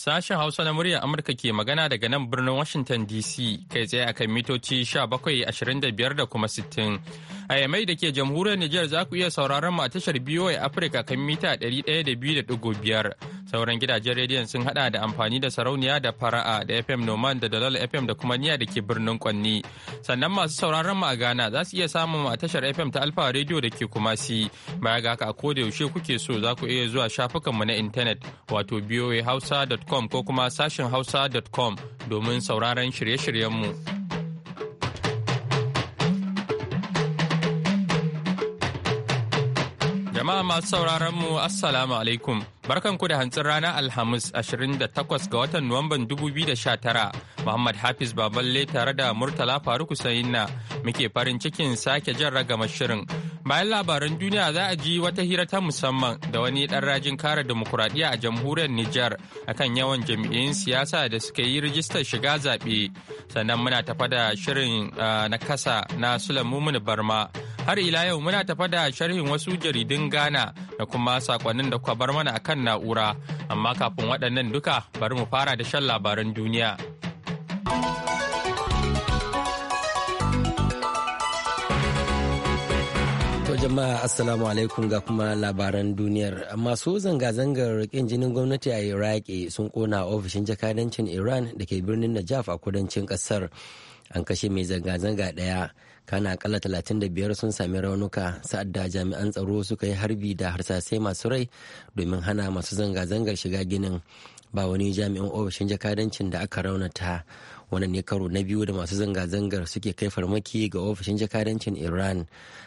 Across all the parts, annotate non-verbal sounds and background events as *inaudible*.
Sashen Hausa na muryar Amurka ke magana daga nan birnin Washington DC kai tsaye akan mitoci 1725 da kuma 60. A yamai da ke jamhuriyar Nijar za ku iya sauraron mu a tashar BOA Afirka kan mita 102.5. Sauran gidajen rediyon sun hada da amfani da sarauniya da fara'a da FM Noman da Dalal FM da kuma niya da ke birnin Kwanni. Sannan masu sauraron mu a Ghana za su iya samun a tashar FM ta Alfa Radio da ke Kumasi. Baya ga haka a da yaushe kuke so za ku iya zuwa shafukan mu na intanet wato com ko kuma sashin hausa.com domin sauraron shirye shiryen mu. Jama'a masu sauraron mu Assalamu alaikum. Barkanku da hantsin rana Alhamis 28 ga watan Nuwamban 2019. Muhammad Hafiz Baballe tare da Murtala Faruk Sayinna muke farin cikin sake jan ragama shirin. Bayan labaran duniya za a ji wata hira ta musamman da wani ɗan rajin kare demokuraɗiyya a jamhuriyar Nijar akan yawan jam'iyyun siyasa da suka yi rijistar shiga zaɓe. Sannan muna tafa da shirin ah, na kasa na Sulaimu Barma. Har ila yau muna tafa da sharhin wasu jaridun Ghana da kuma sakonnin da kuka bar mana akan na'ura. Amma kafin waɗannan duka bari mu fara da shan labaran duniya. jama'a assalamu alaikum ga kuma labaran duniyar. Masu zanga-zangar rikin jinin gwamnati a Iraki sun kona ofishin jakadancin Iran da ke birnin Najaf a kudancin kasar. An kashe mai zanga-zanga ɗaya. kana akalla 35 sun sami raunuka sa'ad da jami'an tsaro suka yi harbi da harsasai masu rai domin hana masu zanga-zangar shiga ginin ba wani jami'in ofishin jakadancin da aka raunata wani ne karo na biyu da masu zanga-zangar suke kai farmaki ga ofishin jakadancin iran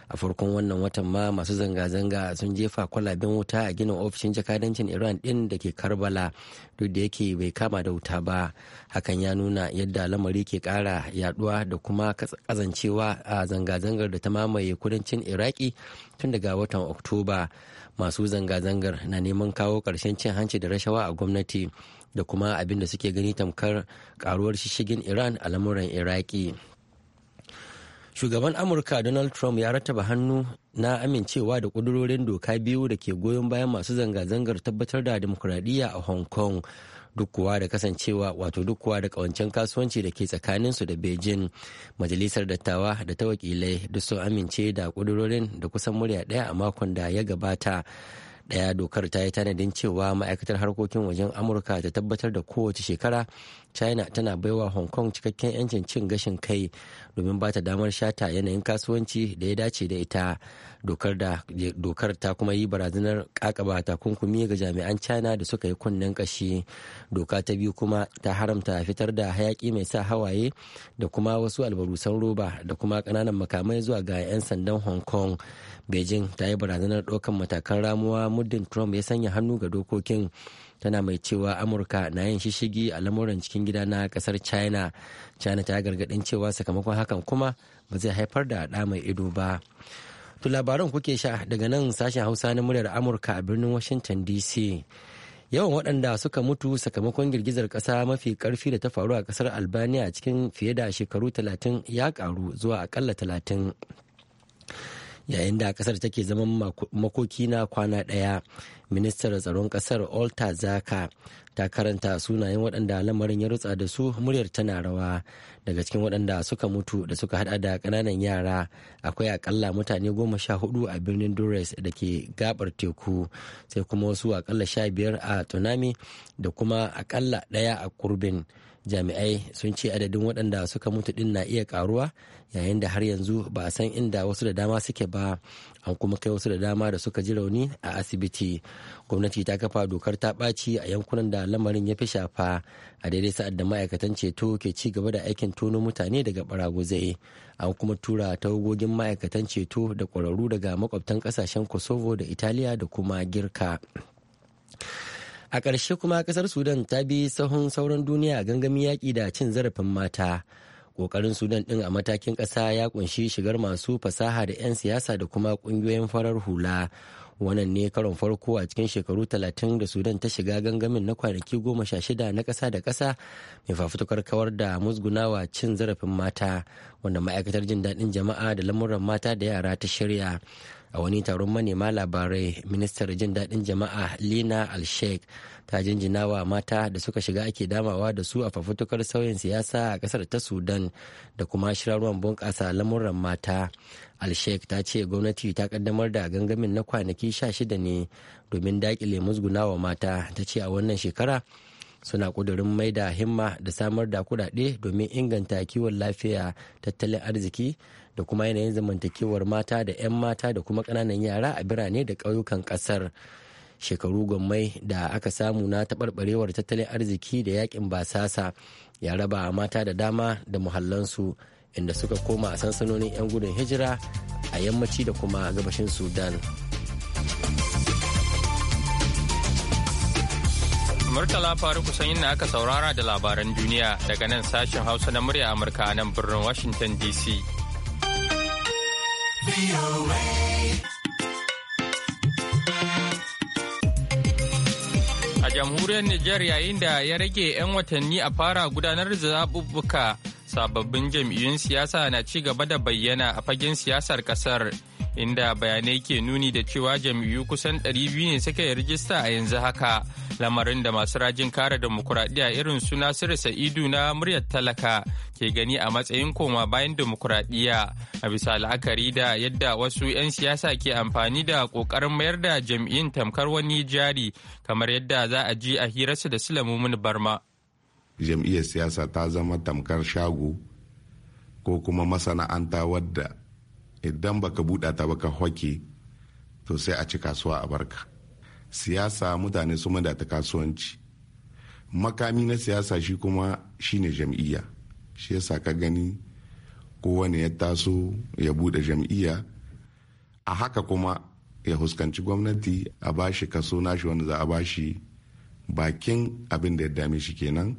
a farkon wannan watan ma masu zanga-zanga sun jefa kwalaben wuta a ginin ofishin jakadancin iran din da ke karbala duk da yake bai kama da wuta ba hakan ya nuna yadda lamari ke kara yaduwa da kuma kazancewa a zanga-zangar da ta mamaye kudancin iraki tun daga watan oktoba masu zanga-zangar na neman kawo ƙarshen cin hanci da rashawa a gwamnati da kuma abin da suke gani tamkar karuwar shishigin iran a lamuran iraki shugaban amurka donald trump ya rattaba hannu na amincewa da kudurorin doka biyu da ke goyon bayan masu zanga-zangar tabbatar da demokuraɗiyya a hong kong duk da kasancewa wato duk da kawancen kasuwanci da ke tsakaninsu da beijing majalisar dattawa da ta wakilai duk sun amince da kudurorin da kusan murya daya a makon da ya gabata daya dokar ta yi tanadin cewa ma'aikatar harkokin wajen Amurka ta tabbatar da kowace shekara China tana baiwa Hong Kong cikakken 'yancin cin gashin kai domin ba ta damar shata yanayin kasuwanci da ya dace da ita. Dokar ta kuma yi barazanar kakaba takunkumi ga jami'an China da suka yi kunnen kashi. Doka ta biyu kuma ta haramta fitar da hayaki mai sa hawaye da kuma wasu albarusan roba da kuma kananan makamai zuwa ga 'yan sandan Hong Kong. beijing ta yi barazanar ɗaukan matakan ramuwa muddin trump ya sanya hannu ga dokokin tana mai cewa amurka na yin shishigi a lamuran cikin gida na kasar china china ta gargaɗin cewa sakamakon hakan kuma ba zai haifar da ɗa mai ido ba to labaran kuke sha daga nan sashen hausa na muryar amurka a birnin washington dc yawan waɗanda suka mutu sakamakon girgizar ƙasa mafi ƙarfi da ta faru a ƙasar albania cikin fiye da shekaru 30 ya ƙaru zuwa aƙalla 30 yayin da kasar take zaman makoki na kwana daya ministar tsaron kasar olta zaka ta karanta sunayen waɗanda lamarin ya rutsa da su muryar tana rawa daga cikin waɗanda suka mutu da suka hada da ƙananan yara akwai akalla mutane goma sha hudu a birnin dores da ke gabar teku sai kuma wasu akalla sha biyar a tsunami da kuma akalla ɗaya a kurbin jami'ai sun ce adadin waɗanda suka mutu din na iya karuwa yayin da har yanzu ba a san inda wasu da dama suke ba an kuma kai wasu da dama da suka ji rauni a asibiti gwamnati ta kafa dokar ta ɓaci a yankunan da lamarin ya fi shafa a daidai sa'ad da ma'aikatan ceto ke ci gaba da aikin tono mutane daga baraguzai an kuma tura tawagogin ma'aikatan ceto da ƙwararru daga makwabtan ƙasashen kosovo da italiya da kuma girka a ƙarshe kuma ƙasar sudan ta bi sahun sauran duniya gangami yaƙi da cin zarafin mata ƙoƙarin sudan ɗin a matakin ƙasa ya ƙunshi shigar masu fasaha da 'yan siyasa da kuma ƙungiyoyin farar hula wannan ne karon farko a cikin shekaru talatin da sudan ta shiga gangamin na kwanaki goma sha shida na ƙasa da ƙasa mai fafutukar kawar da musgunawa cin zarafin mata wanda ma'aikatar jin daɗin jama'a da lamuran mata da yara ta shirya a wani taron manema labarai ministar jin daɗin jama'a lina alshek ta jinjinawa mata da suka shiga ake damawa da su a fafutukar sauyin siyasa a ƙasar ta sudan da kuma shirarwan bunƙasa lamuran mata alsheik ta ce gwamnati ta kaddamar da gangamin na kwanaki 16 ne domin dakile wa mata ta ce a wannan shekara suna kudurin mai da himma da samar da kudade domin inganta kiwon lafiya tattalin arziki da kuma yanayin zamantakewar mata da 'yan mata da kuma kananan yara a birane da ƙauyukan ƙasar shekaru gwammai da aka samu na taɓarɓarewar tattalin arziki da yakin basasa ya raba mata da dama da muhallansu inda suka koma a sansanonin 'yan gudun hijira a yammaci da kuma gabashin sudan murtala faru kusan na aka saurara da labaran duniya daga nan sashen hausa na murya amurka nan birnin washington dc a jamhuriyar niger yayin da ya rage 'yan watanni a fara gudanar da zaɓuɓɓuka sababbin jam'iyyun siyasa na ci gaba da bayyana a fagen siyasar kasar inda bayanai ke nuni da cewa jam'iyyu kusan 200 ne suka yi rijista a yanzu haka lamarin da masu rajin kare demokuraɗiyya irin su nasiru sa'idu na muryar talaka ke gani a matsayin koma bayan demokuraɗiyya a bisa la'akari da yadda wasu 'yan siyasa ke amfani da ƙoƙarin mayar da jam'iyyun tamkar wani jari kamar yadda za a ji a hirarsu da sulamumin barma. jam'iyyar siyasa ta zama tamkar shago ko kuma masana'anta wadda idan baka buɗa ta baka hoke to sai a ci kasuwa a barka siyasa mutane su da ta kasuwanci makami na siyasa shi kuma shine jam'iyya shi yasa ka gani kowane ya taso ya buɗe jam'iyya a haka kuma ya huskanci gwamnati a bashi kaso nashi wanda za a bashi bakin abin da ya dame shi kenan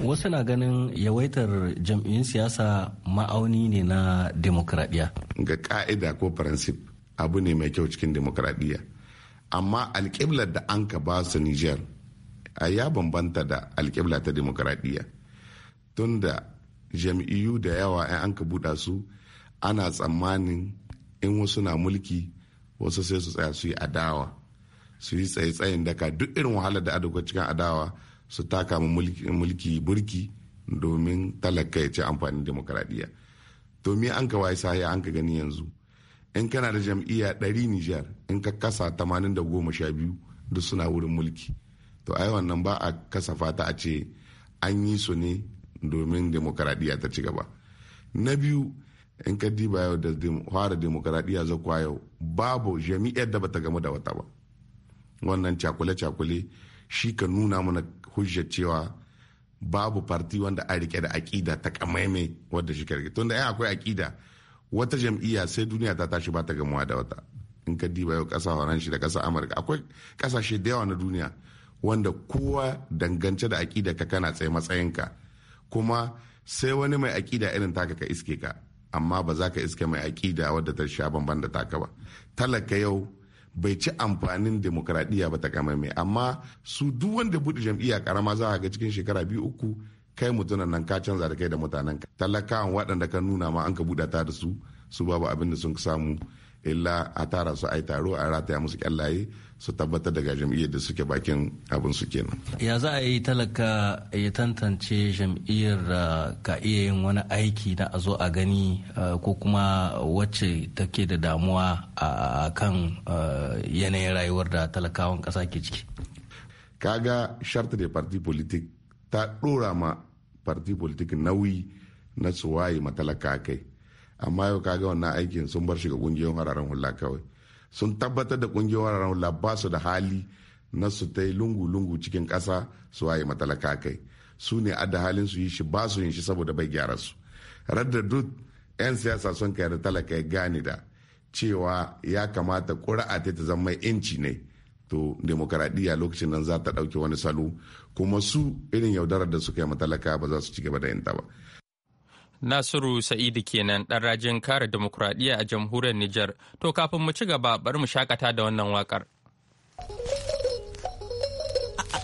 wasu na ganin yawaitar jam'iyyun siyasa ma'auni ne na demokradiyya ga ka'ida ko faransif abu ne mai kyau cikin demokradiyya amma alƙiblar da an ka ba su niger a ya bambanta da alƙibla ta demokradiyya da jam'iyyu da yawa ya an ka buɗa su ana tsammanin in wasu na mulki wasu sai su tsaya su yi adawa su yi tsaye-tsayen daka duk irin wahalar da cikin adawa su taka mu mulki burki domin talaka ya ci amfanin demokradiyya to me an ka waye an ka gani yanzu in kana da jam'iyya ɗari nijar in ka kasa tamanin da goma sha biyu duk suna wurin mulki to ai wannan ba a kasafa ta a ce an yi su ne domin demokradiyya ta ci gaba na biyu in ka diba yau da fara demokradiyya kwa yau babu jami'ar da bata gamu da wata ba wannan cakule-cakule shi ka nuna mana hujjar cewa babu farti wanda a rike da aƙida ta kamaime wadda shi karge tunda ai akwai aƙida wata jam'iyya sai duniya ta tashi ba ta gamuwa da wata in ka diba yau ƙasa horan shi da ƙasa amurka akwai ƙasashe da yawa na duniya wanda kowa dangance da aƙida ka kana tsaye matsayinka kuma sai wani mai aƙida irin taka ka iske ka amma ba za ka iske mai aƙida wadda ta sha bamban da taka ba talaka yau bai ci amfanin demokradiyya ba ta mai amma su duk wanda bude jam'iyya karama za a ga cikin shekara biyu uku kai mutunan nan ka canza da kai da mutanen ka talakawan waɗanda ka nuna ma an ka buɗa ta da su su babu abin da sun samu illa a tara su a yi taro a rataya musu kyallaye su tabbatar daga jam'iyyar da suke bakin abin su kenan. ya za a yi talaka ya tantance jam'iyyar da uh, ka iya yin wani aiki na a zo a gani uh, ko kuma wacce take da damuwa a kan uh, yanayin rayuwar da talakawan ƙasa ke ciki kaga shartar da parti politik ta ɗora ma parti politik nauyi na su waye matalaka kai amma yau kaga wannan aikin sun bar shi ga kungiyoyin wararen hula kawai sun tabbatar da kungiyoyin wararen hula ba su da hali na su ta yi lungu-lungu cikin ƙasa su waye matalaka kai su ne adda halin su yi shi ba su yin shi saboda bai gyara su radda duk 'yan siyasa sun kai da talaka ya gane da cewa ya kamata ƙura'a ta ta zama inci ne to demokaradiyya lokacin nan za ta ɗauki wani salo kuma su irin yaudarar da suka yi matalaka ba za su ci gaba da yin ta ba Nasiru Sa'idu kenan ɗan rajin kare demokuraɗiyya a jamhuriyar Nijar. To kafin mu ci gaba bari mu shakata da wannan wakar.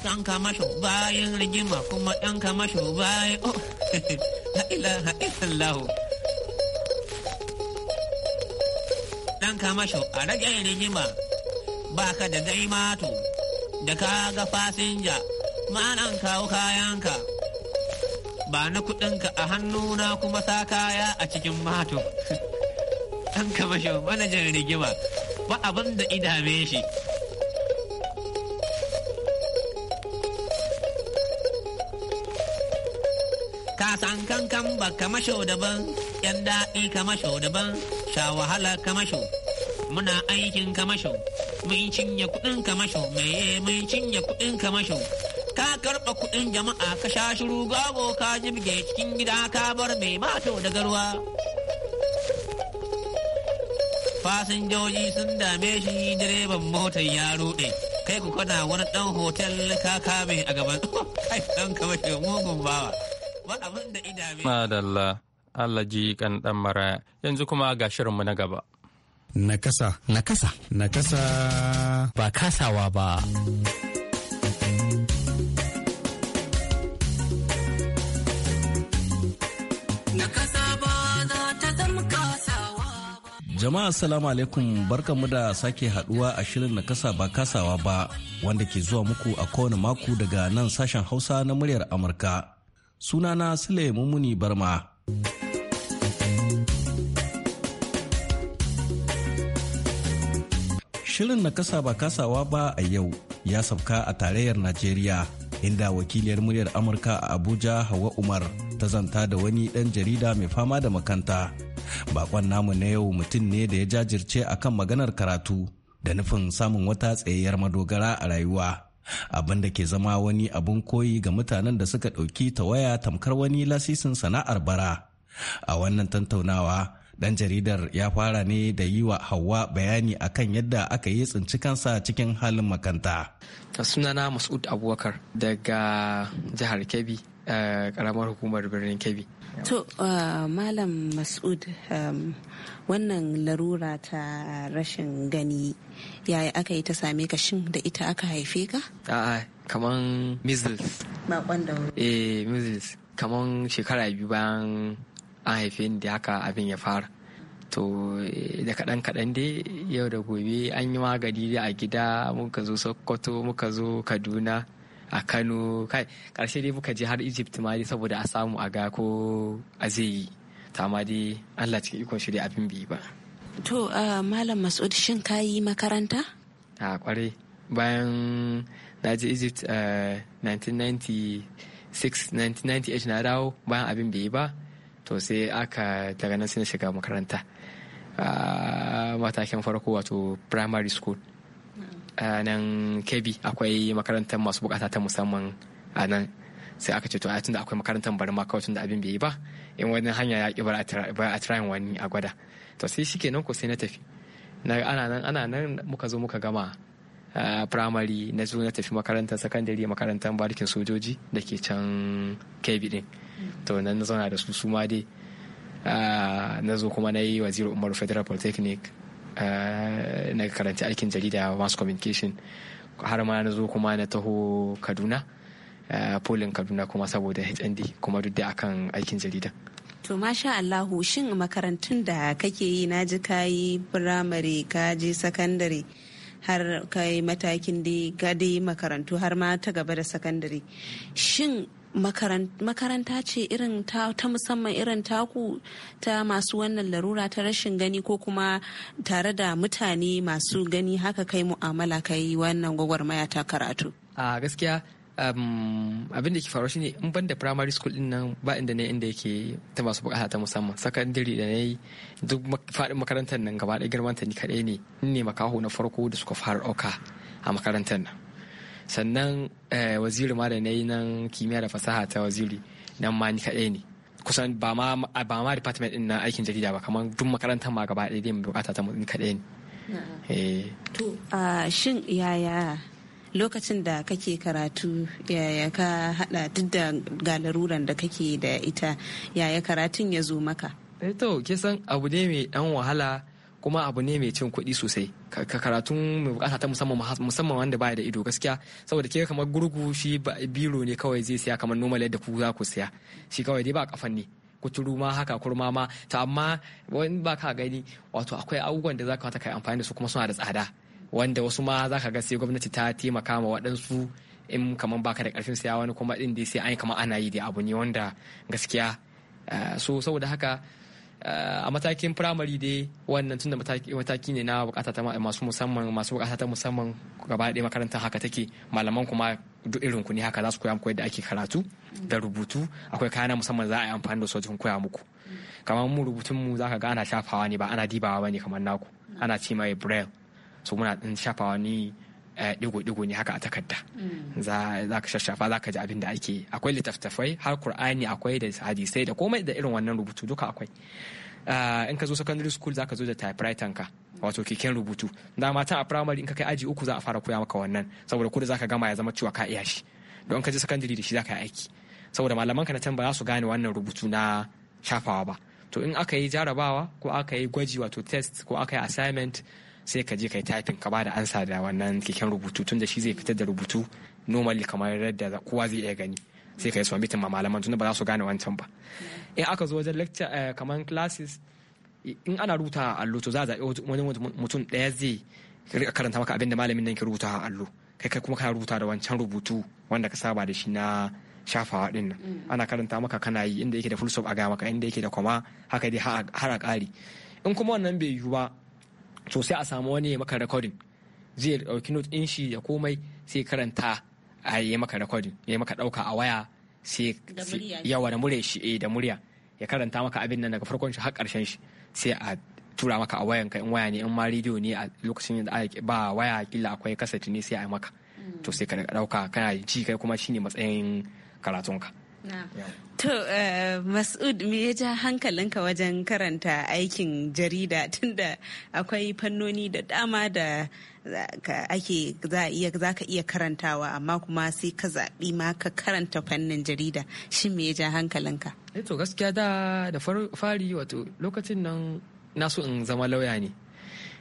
Ɗan kama bayan rigima kuma ɗan kama bayan eh, oh, *laughs* Ɗan kama a rage rigima ba ka da gaimatu da ka ga fasinja ma kawo kayanka. ba na kuɗinka a hannuna kuma sa kaya a cikin mato *laughs* ɗan kamashin manajan rigima ba abin da idame shi kasan kankan ba shau daban yan daɗi kamasho daban sha wahala kamasho muna aikin shau, mun cinye kuɗin kamasho meye mun cinye kuɗin kamasho karɓa kuɗin jama'a ka sha shiru gago ka jibge cikin gida ka bar mai mato da garwa. Fasinjoji sun dame shi direban motar ya ruɗe. Kai ku kana wani ɗan hotel ka kame a gaban *laughs* kai ɗan kama kamashe mugun bawa. Madalla, Allah ji kan ɗan mara Yanzu kuma ga shirinmu na gaba. Nakasa. Nakasa. Nakasa. Ba kasawa ba. Jama'a salamu alaikum barkanmu da sake haduwa a shirin na kasa ba kasawa ba wanda ke zuwa muku a kowane mako daga nan sashen Hausa na muryar Amurka. Sunana Sule Mummuni Barma. Shirin na kasa ba kasawa ba a yau ya sauka a tarayyar Najeriya inda wakiliyar muryar Amurka a Abuja Hawa Umar ta zanta da wani ɗan jarida mai fama da makanta bakon namu na yau mutum ne da ya jajirce akan maganar karatu da nufin samun wata tsayayyar madogara a rayuwa abin da ke zama wani abun koyi ga mutanen da suka ɗauki tawaya tamkar wani lasisin sana'ar bara a wannan tantaunawa dan jaridar ya fara ne da yi wa hawa bayani akan yadda aka yi tsinci kansa cikin halin makanta sunana masud abubakar daga jihar kebbi karamar eh, hukumar birnin kebbi To, uh, Malam Masud, um, wannan larura ta rashin gani yaya aka yi ta same ka shin da ita aka haife ka? A'a, kaman measles. Bakon da Eh, measles. Kaman shekara biyu bayan an haife ni da haka abin ya fara. To, eh, da kaɗan kaɗan dai yau da gobe an yi magani a gida muka zo Sokoto muka zo Kaduna. a kano kai karshe dai muka je har egypt ma dai saboda a samu a ga ko a zai yi ta ma dai allah cikin ikon shi dai abin bi ba to malam masud shin ka yi makaranta a kwarai bayan na je egypt 1996 1998 na dawo bayan abin bai ba to sai aka daga nan sai na shiga makaranta matakin farko wato primary school a nan kebi akwai makarantar masu bukata ta musamman a nan sai aka ce to a tunda akwai makarantar bari ma kawai tunda abin bai yi ba in wani hanya ya ki bar a tirayin wani a gwada to sai shi kenan ko sai na tafi na ana nan ana nan muka zo muka gama primary na zo na tafi makarantar sakandare makarantar barikin sojoji da ke can kebi din to nan na zauna da su su dai na zo kuma na yi waziri umaru federal polytechnic Eh, na karanta aikin jarida mass communication har ma na zo kuma na taho kaduna eh, polin kaduna kuma saboda hnd kuma duk da akan aikin jarida to masha allahu shin makarantun da kake yi na ji ka yi firamare ka je sakandare har kai matakin da makarantu har ma ta gaba da sakandare shin makaranta ce irin ta, musamman irin taku ta masu wannan larura ta rashin gani ko kuma tare da mutane masu gani haka kai mu'amala kai wannan gwagwarmaya ta karatu a gaskiya um, abin da ke faru shine in ban da primary school din nan ba inda ne inda yake ta masu bukata ta musamman secondary da ne duk faɗin makarantar nan gaba ɗaya girman ta ni kaɗai ne ne makaho na farko da suka fara ɗauka a makarantar nan sannan eh, waziri ma da na yi nan kimiyya da fasaha ta waziri nan ma ni kaɗai ne kusan ba ma department din na aikin jarida ba kamar duk makarantar ma gaba ɗaya mu bukata ta ni kaɗai ne. Eh. to shin yaya lokacin da kake karatu yaya ka hada duk da galaruran da kake da ita yaya karatun ya zo maka. Eh to kisan abu ne mai ɗan wahala kuma abu ne mai cin kuɗi sosai ka karatun mai bukata ta musamman wanda baya da ido gaskiya saboda ke kamar gurgu shi biro ne kawai zai siya kamar normal yadda ku za ku siya shi kawai dai ba kafan ne kuturu ma haka kurma ma ta amma wani ba ka gani wato akwai abubuwan da za ka kai amfani da su kuma suna da tsada wanda wasu ma za ka ga sai gwamnati ta taimaka ma waɗansu in kamar baka da karfin siya wani kuma ɗin dai sai an yi kamar ana yi da abu ne wanda gaskiya eh, so saboda haka Eh, a matakin firamare dai wannan tunda mataki ne na bukata ta masu musamman masu bukata ta musamman gaba ɗaya makarantar haka take malaman kuma duk irin ku ne haka za su koya muku yadda ake karatu da rubutu akwai kayan musamman za a yi amfani da su wajen koya muku kamar mu rubutun mu zaka ga ana shafawa ne ba ana dibawa ne kamar naku ana ce mai braille so muna din shafawa ne digo-digo eh, ne haka a takarda mm. za ka shashafa za ka ji abin da ake akwai littattafai har kur'ani akwai da hadisai da komai da irin wannan rubutu duka akwai eh, in ka zo secondary school za ka zo da typewriter ka wato keken rubutu da matan a primary in ka kai aji uku za a fara koya maka wannan saboda kudu za ka gama ya zama cewa ka iya shi don ka je secondary da shi za ka yi aiki saboda malaman ka na can ba za su gane wannan rubutu na shafawa ba to in aka yi jarabawa ko aka yi gwaji wato test ko aka yi assignment sai ka je kai taifin ka ba da ansa da wannan keken rubutu tunda shi zai fitar da rubutu normally kamar yadda kowa zai iya gani sai ka yi submitting ma malaman tunda ba za su gane wancan ba in aka zo wajen lecture eh, kamar classes in ana rubuta a allo to za a zaɓi wani mutum ɗaya zai karanta maka abin da malamin nan ke rubuta a allo kai kai kuma kana rubuta da wancan rubutu wanda ka saba da shi na shafawa din nan mm. ana karanta maka kana yi inda yake da full stop a gaya maka inda yake da kwama haka dai har a ƙari in kuma wannan bai yiwu ba to sai a samu wani ya maka recording zai dauki note din shi ya komai sai karanta a yi maka recording ya maka dauka a waya sai yawa da murya shi eh, da murya ya karanta maka abin nan daga farkon shi har karshen shi sai a tura maka a wayan ka in waya ne in ma rediyo ne a lokacin da ba waya kila akwai kasat ne sai a yi maka mm. to sai ka dauka kana ji kai kuma shine matsayin karatunka To, eh, Mas'ud, me ya ja hankalinka wajen karanta aikin jarida tunda akwai fannoni da dama da ake za ka iya karantawa amma kuma sai ka zaɓi ma ka karanta fannin jarida shin me ya ja hankalinka? Eh to gaskiya da da fari wato lokacin nan na so in zama lauya ne.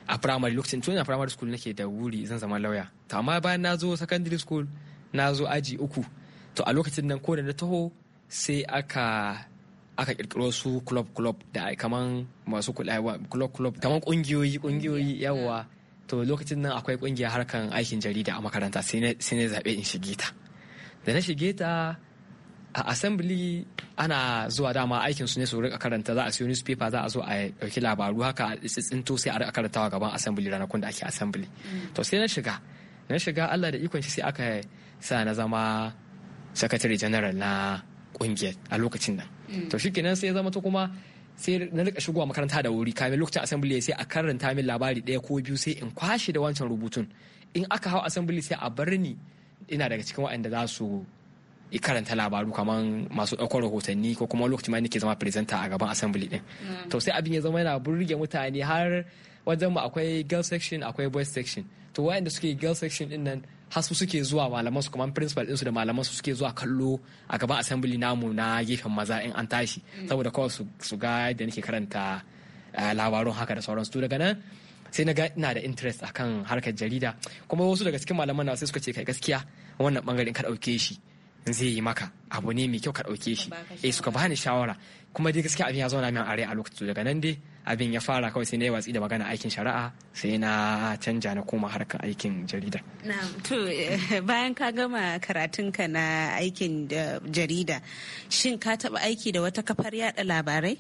A primary lokacin tun a primary school nake da wuri zan zama lauya. To amma bayan na zo secondary school na zo aji uku. to a lokacin nan ko da na taho sai aka aka kirkiro su club club da kaman masu kulawa club club kaman kungiyoyi kungiyoyi yawa ah. to lokacin nan akwai kungiya harkan aikin jarida a makaranta sai na zaɓe in shige ta da na shige ta a assembly ana zuwa dama aikin su ne su rika karanta za a siyo newspaper za a zo a ɗauki labaru haka a tsitsinto sai a rika karantawa gaban assembly ranakun da ake assembly mm. to sai na shiga na shiga Allah da ikon shi sai aka sa na zama sakatare janaral na kungiyar a lokacin nan mm. to kenan sai ya zama ta kuma sai na rika shigowa makaranta da wuri kamin lokacin assembly sai a karanta min labari daya ko biyu sai in kwashe da wancan rubutun in aka hau assembly sai a bar ni ina daga cikin waɗanda za su i karanta labaru kamar masu ɗaukar rahotanni ko kuma lokacin ma nake zama presenter a gaban assembly din mm. to sai abin ya zama yana burge mutane har wajen mu akwai girl section akwai boy section to wayanda suke girl section din nan hasu suke zuwa malaman su kuma principal ɗinsu da malaman su suke zuwa kallo a gaban assembly namu na gefen maza in an tashi mm. saboda kawai su ga yadda nake karanta eh, labarun haka da sauransu to daga nan sai na ga ina da interest akan harkar jarida kuma wasu daga cikin malaman na sai suka ce kai gaskiya wannan bangaren ka ɗauke shi zai yi maka abu ne mai kyau ka dauke shi eh suka bani shawara kuma dai gaskiya abin ya zauna min a rai a lokacin daga nan dai abin ya fara kawai sai na yi watsi da magana aikin shari'a sai na canja na koma harkar aikin jarida to eh, bayan ka gama karatunka na aikin eh, jarida shin ka taba aiki da wata kafar yada labarai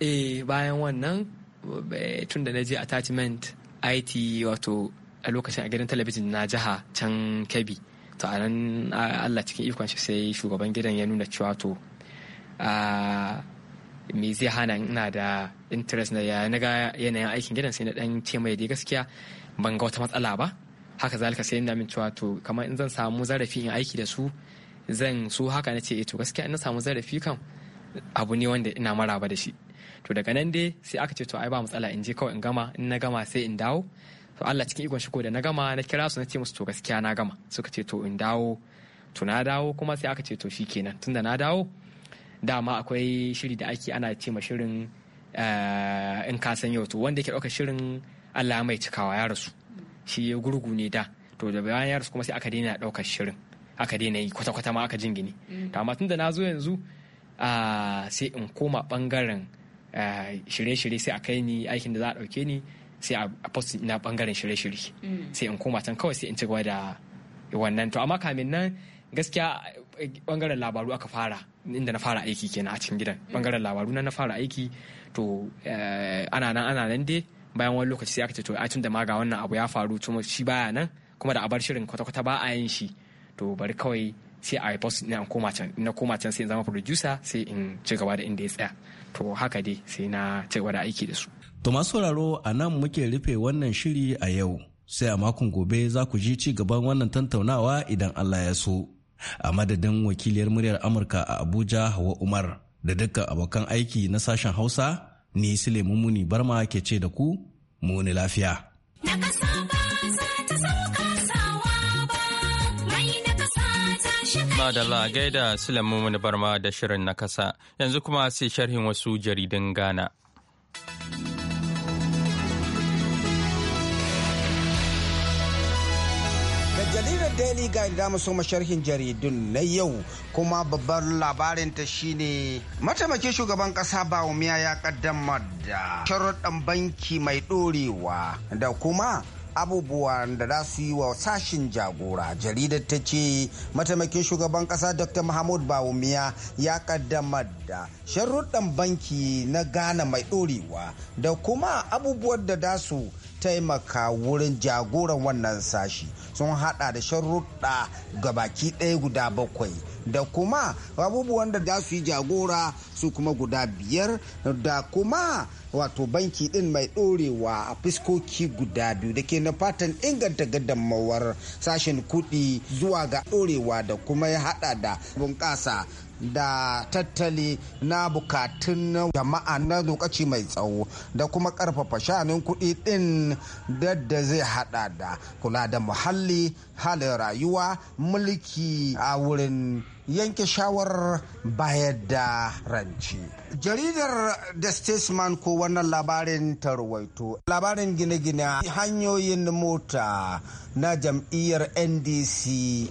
eh bayan wannan eh, tun da na je attachment it wato a lokacin a gidan talabijin na jiha can kebbi to a nan allah cikin ikon shi sai shugaban gidan ya nuna cewa to ah, me zai hana ina da interest na ya naga yanayin aikin gidan sai na dan ce mai da gaskiya ban ga wata matsala ba haka zalika sai ina min cewa to kamar in zan samu zarafi in aiki da su zan su haka na ce eh to gaskiya ina samu zarafi kan abu ne wanda ina maraba da shi to daga nan dai sai aka ce to ai ba matsala in je kawai in gama in na gama sai in dawo to Allah cikin ikon ko da na gama na kira su na ce musu to gaskiya na gama suka ce to in dawo to na dawo kuma sai aka ce to shikenan tunda na dawo dama akwai shiri da ake ana ce ma shirin eh, in ka san yau to wanda yake ɗauka shirin Allah mai cikawa ya rasu shi ya gurgu ne da to da bayan ya rasu kuma sai aka daina ɗaukar shirin aka daina yi kwata-kwata ma aka jingine mm. to amma tun da na zo yanzu ah, sai in koma ɓangaren eh, shirye-shirye sai a kai ni aikin da za a ɗauke ni sai a post na ɓangaren shirye-shirye mm. sai in koma can kawai sai in ci gaba da wannan to amma kamin nan gaskiya bangaren labaru aka fara inda na fara aiki kenan a cikin gidan bangaren labaru na na fara aiki to eh, ana nan ana nan dai bayan wani lokaci sai aka ce to a tun da ma ga wannan abu ya faru tuma shi baya nan kuma da a bar shirin kwata-kwata ba a yin shi to bari kawai sai a ne na koma can na koma can sai in zama producer sai in ci gaba da inda ya tsaya to haka dai sai na ci gaba da aiki da su to masu sauraro a nan muke rufe wannan shiri a yau sai a makon gobe za ku ji ci gaban wannan tantaunawa idan Allah ya so a madadin wakiliyar muryar amurka a abuja hawa umar da dukkan abokan aiki na sashen hausa ni sule muni barma ke ce da ku muni lafiya Madalla gaida Sulaiman Barma da shirin na kasa yanzu kuma sai sharhin wasu jaridun Ghana. daily guide da so sharhin jaridun na yau kuma babbar labarin ta shine mataimakin shugaban kasa miya ya kaddama da sharuɗan banki mai ɗorewa da kuma abubuwan da za su yi wa sashin jagora jaridar ta ce mataimakin shugaban kasa dr mahmud bawumiya ya kaddamar da sharuɗan banki na ghana mai ɗorewa da kuma abubuwan da za su taimaka wurin jagoran wannan sashi sun hada da sharuɗa ga baki ɗaya guda bakwai da kuma abubuwan da za su yi jagora su kuma guda biyar da kuma wato banki din mai dorewa a fuskoki guda biyu da ke na fatan inganta gadamawar sashen kudi zuwa ga dorewa da kuma ya hada da bunƙasa da tattali na bukatun jama'a na lokaci mai tsawo da kuma karfafa shanin kuɗi din da zai hada da kula da muhalli halin rayuwa mulki a wurin yanke shawarar bayar da ranci. Jaridar The Statesman ko wannan labarin ta ruwaito. Labarin gine-gine hanyoyin mota na jam'iyyar NDC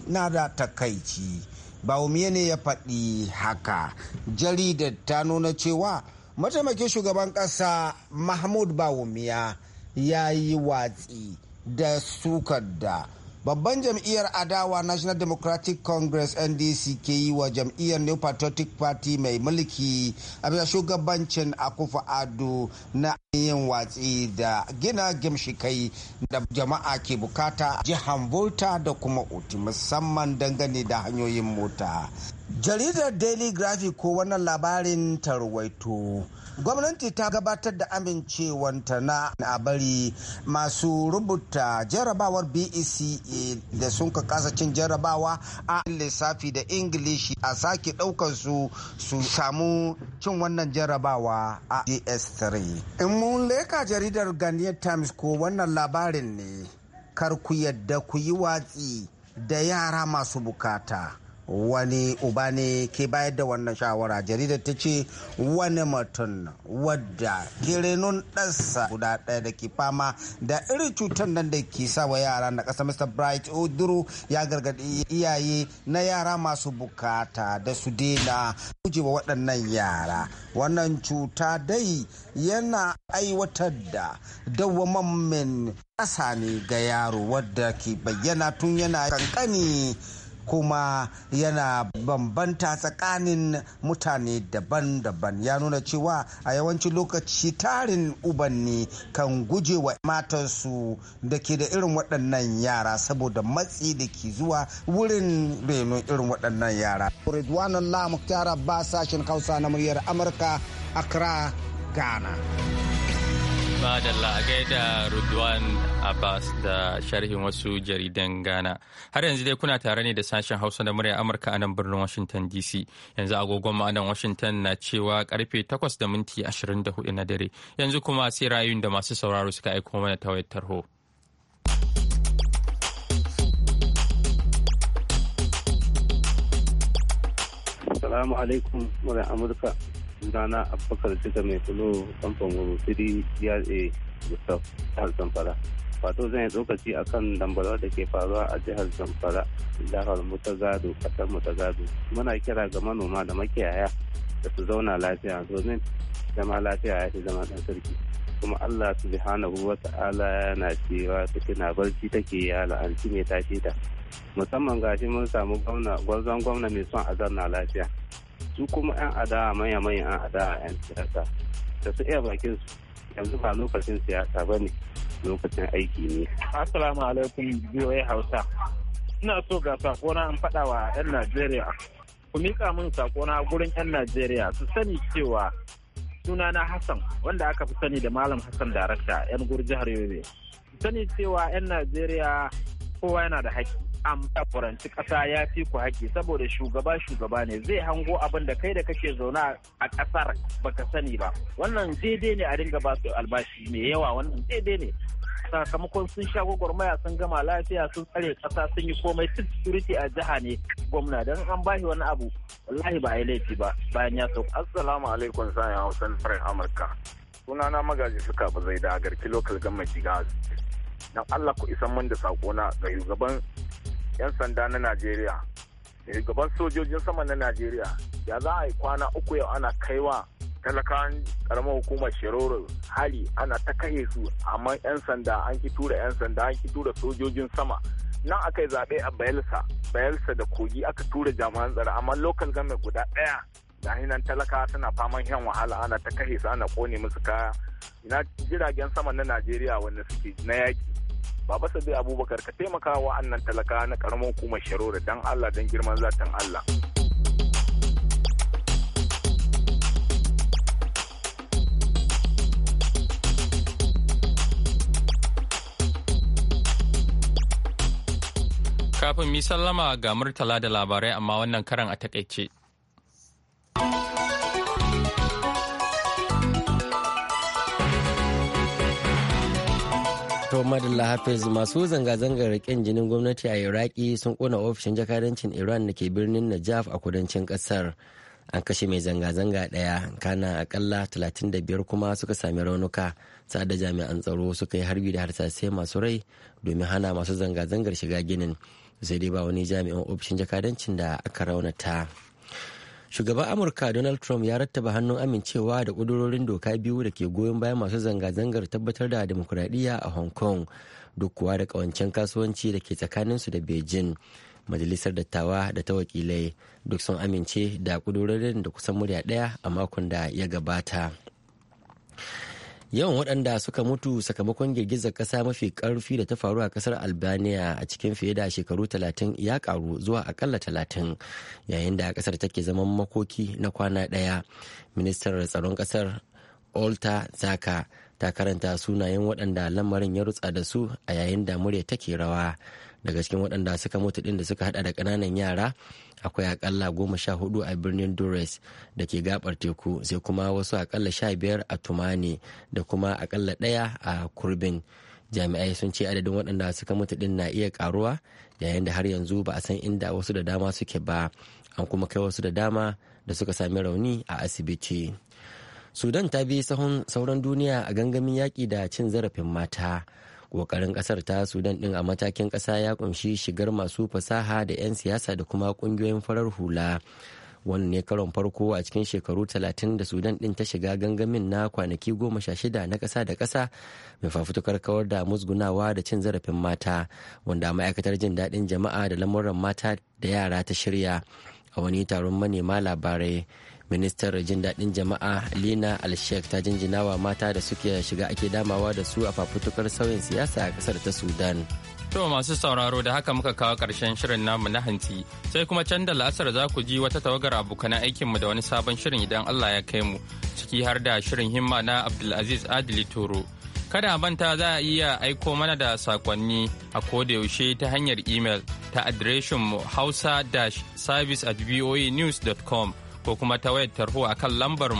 na da takaici. Bawumiye ne ya faɗi haka. Jaridar ta nuna cewa mataimakin shugaban ƙasa Mahmud Bawumiya ya yi watsi da sukar da babban jam'iyyar adawa national democratic congress ndc ke yi wa jam'iyyar new patriotic party mai mulki a bisa shugabancin akufa ado na yin watsi da gina gimshikai da jama'a ke bukata jihan volta da kuma uti musamman dangane da hanyoyin mota jaridar daily graphic ko wannan labarin tarwaito gwamnati ta gabatar da amincewanta na a bari masu rubuta jarabawar bec e da sun ka kasa cin jarabawa a lissafi da ingilishi a sake daukar su su samu cin wannan jarabawa a ds3 e in mun leka jaridar ghanaian times ko wannan labarin ne kar ku yadda ku yi watsi da yara masu bukata wani uba ne ke bayar da wannan shawara jaridar ta ce wani mutum wadda ke renon ɗansa guda ɗaya da ke fama da irin cutar nan da ke sa wa yara na ƙasa mr bright oduro ya gargaɗi iyaye na yara masu bukata da su daina gujewa waɗannan yara wannan cuta dai yana aiwatar da dawwamammen ƙasa ne ga yaro wadda ke bayyana tun yana kankani kuma yana bambanta tsakanin mutane daban-daban ya nuna cewa a yawancin lokaci tarin ubanni kan guje wa matansu da ke da irin waɗannan yara saboda matsi da ke zuwa wurin renon irin waɗannan yara. Ridwan Allah Muktar Abbas sashen Hausa na muryar Amurka Accra, Ghana. Madalla a gaida Rudwan Abbas da sharhin wasu jaridan Ghana. Har yanzu dai kuna tare ne da sashen Hausa da murya Amurka a nan birnin Washington DC. Yanzu agogon nan Washington na cewa karfe 8 da minti 24 na dare. Yanzu kuma sai rayun da masu sauraro suka aiko mana ta wayar tarho. Assalamu alaikum, murya Amurka. sunana abubakar cika mai kulo kamfan wuro siri dra gustaf jihar zamfara wato zan yi tsokaci a kan dambarwar da ke faruwa a jihar zamfara jihar mu gado kasar mu gado muna kira ga manoma da makiyaya da su zauna lafiya domin zama lafiya ya fi zama ɗan sarki kuma allah subhanahu wa ta'ala yana cewa take na barci take ya la'anci mai tashi ta musamman gashi mun samu gwamna gwamna mai son a zanna lafiya su kuma 'yan adawa manya-manyan 'yan adawa 'yan siyasa da su iya bakin su yanzu ba lokacin siyasa ba ne lokacin aiki ne. Assalamu alaikum VOA Hausa. Ina so ga sakona an faɗa wa 'yan Najeriya. Ku mika min sakona gurin 'yan Najeriya su sani cewa sunana Hassan wanda aka fi sani da Malam Hassan Darakta 'yan gurin jihar Yobe. Su sani cewa 'yan Najeriya kowa yana da haƙƙi. an jagoranci ƙasa ya fi ku haƙƙi saboda shugaba shugaba ne zai hango abin da kai da kake zauna a ƙasar baka sani ba wannan daidai ne a dinga ba su albashi mai yawa wannan daidai ne sakamakon sun sha gwagwarmaya sun gama lafiya sun tsare ƙasa sun yi komai duk security a jiha ne gwamna don an bashi wani abu wallahi ba a yi laifi ba bayan ya sauka. assalamu alaikum sa'in hausan farin amurka sunana magaji suka ba zai da garki local government jiga don Allah ku isan mun da sakona ga shugaban 'yan sanda na najeriya gaban sojojin sama na najeriya ya za a yi kwana uku yau ana kaiwa talakan karamar hukumar shiroro hali ana ta kahe su amma 'yan sanda an ki tura 'yan sanda an ki tura sojojin sama nan aka yi zaɓe a bayelsa bayelsa da kogi aka tura jami'an tsaro amma lokal game guda ɗaya da hinan talaka suna faman yan wahala ana ta kahe su ana kone musu kaya na jiragen sama na najeriya wanda suke na yaki baba sabi abubakar ka taimaka wa annan talaka na karamar hukumar sharo da dan allah don girman zatan allah kafin mi sallama ga murtala da labarai amma wannan karan a takaice. To madalla Hafiz masu zanga-zangar ƙin jinin gwamnati a Iraki sun kona ofishin jakadancin Iran da ke birnin Najaf a kudancin kasar An kashe mai zanga-zanga ɗaya kana akalla 35 kuma suka sami raunuka sa'ad da jami'an tsaro suka yi harbi da harsasai masu rai domin hana masu zanga-zangar shiga ginin. Sai dai ba wani jami'an ofishin jakadancin da aka raunata. shugaban amurka donald trump ya rattaba hannun amincewa da kudurorin doka biyu da ke goyon bayan masu zanga-zangar tabbatar da demokuraɗiyya a hong kong duk kuwa da ƙawancen kasuwanci da ke tsakaninsu da beijing majalisar dattawa da ta wakilai duk sun amince da kudurorin da kusan murya ɗaya a makon da ya gabata yawan waɗanda suka mutu sakamakon girgizar ƙasa mafi ƙarfi da ta faru a ƙasar albania a cikin fiye da shekaru 30 ya ƙaru zuwa aƙalla 30 yayin da ƙasar take zaman makoki na kwana ɗaya ministar tsaron ƙasar olta zaka ta karanta sunayen waɗanda lamarin ya rutsa da su a yayin da murya take rawa daga cikin waɗanda suka mutu ɗin da suka hada da ƙananan yara akwai akalla goma sha hudu a birnin dures da ke gabar teku sai kuma wasu akalla sha biyar a tumani da kuma akalla ɗaya a kurbin jami'ai sun ce adadin waɗanda suka mutu ɗin na iya karuwa yayin da har yanzu ba a san inda wasu da dama suke ba an kuma kai wasu da dama da suka sami rauni a asibiti sudan ta bi sauran duniya a gangamin yaƙi da cin zarafin mata kokarin kasar ta sudan din a matakin kasa ya kunshi shigar masu fasaha da 'yan siyasa da kuma kungiyoyin farar hula wannan ne karon farko a cikin shekaru 30 da sudan din ta shiga gangamin na kwanaki 16 na kasa da kasa mai fafutukar kawar da musgunawa da cin zarafin mata wanda ma'aikatar jin daɗin jama'a da lamuran mata da yara ta shirya a wani taron manema labarai ministar jin daɗin jama'a lina alshek ta jinjina wa mata da suke shiga ake damawa da su a fafutukar sauyin siyasa a kasar ta sudan to masu sauraro da haka muka kawo ƙarshen shirin namu na hantsi sai kuma can da la'asar za ku ji wata tawagar abokan aikinmu da wani sabon shirin idan allah ya kai mu ciki har da shirin himma na abdulaziz adili toro kada a banta za a iya aiko mana da sakonni a yaushe ta hanyar imel ta adireshinmu hausa-service at voanews.com ko kuma ta wayar tarho a kan lambar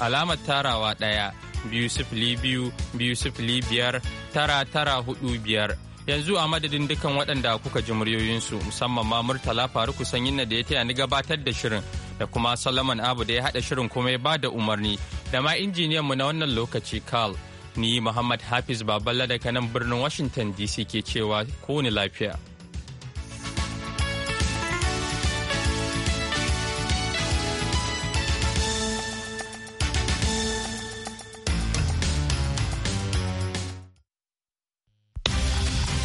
alamar tarawa ɗaya biyu sifili biyu biyu sifili biyar tara tara hudu biyar yanzu a madadin dukan waɗanda kuka ji muryoyinsu musamman ma murtala faruku sanyin na da ya taya ni gabatar da shirin da kuma solomon abu da ya haɗa shirin kuma ya ba da umarni da ma injiniyanmu na wannan lokaci carl ni muhammad hafiz baballa daga nan birnin washington dc ke cewa kowane lafiya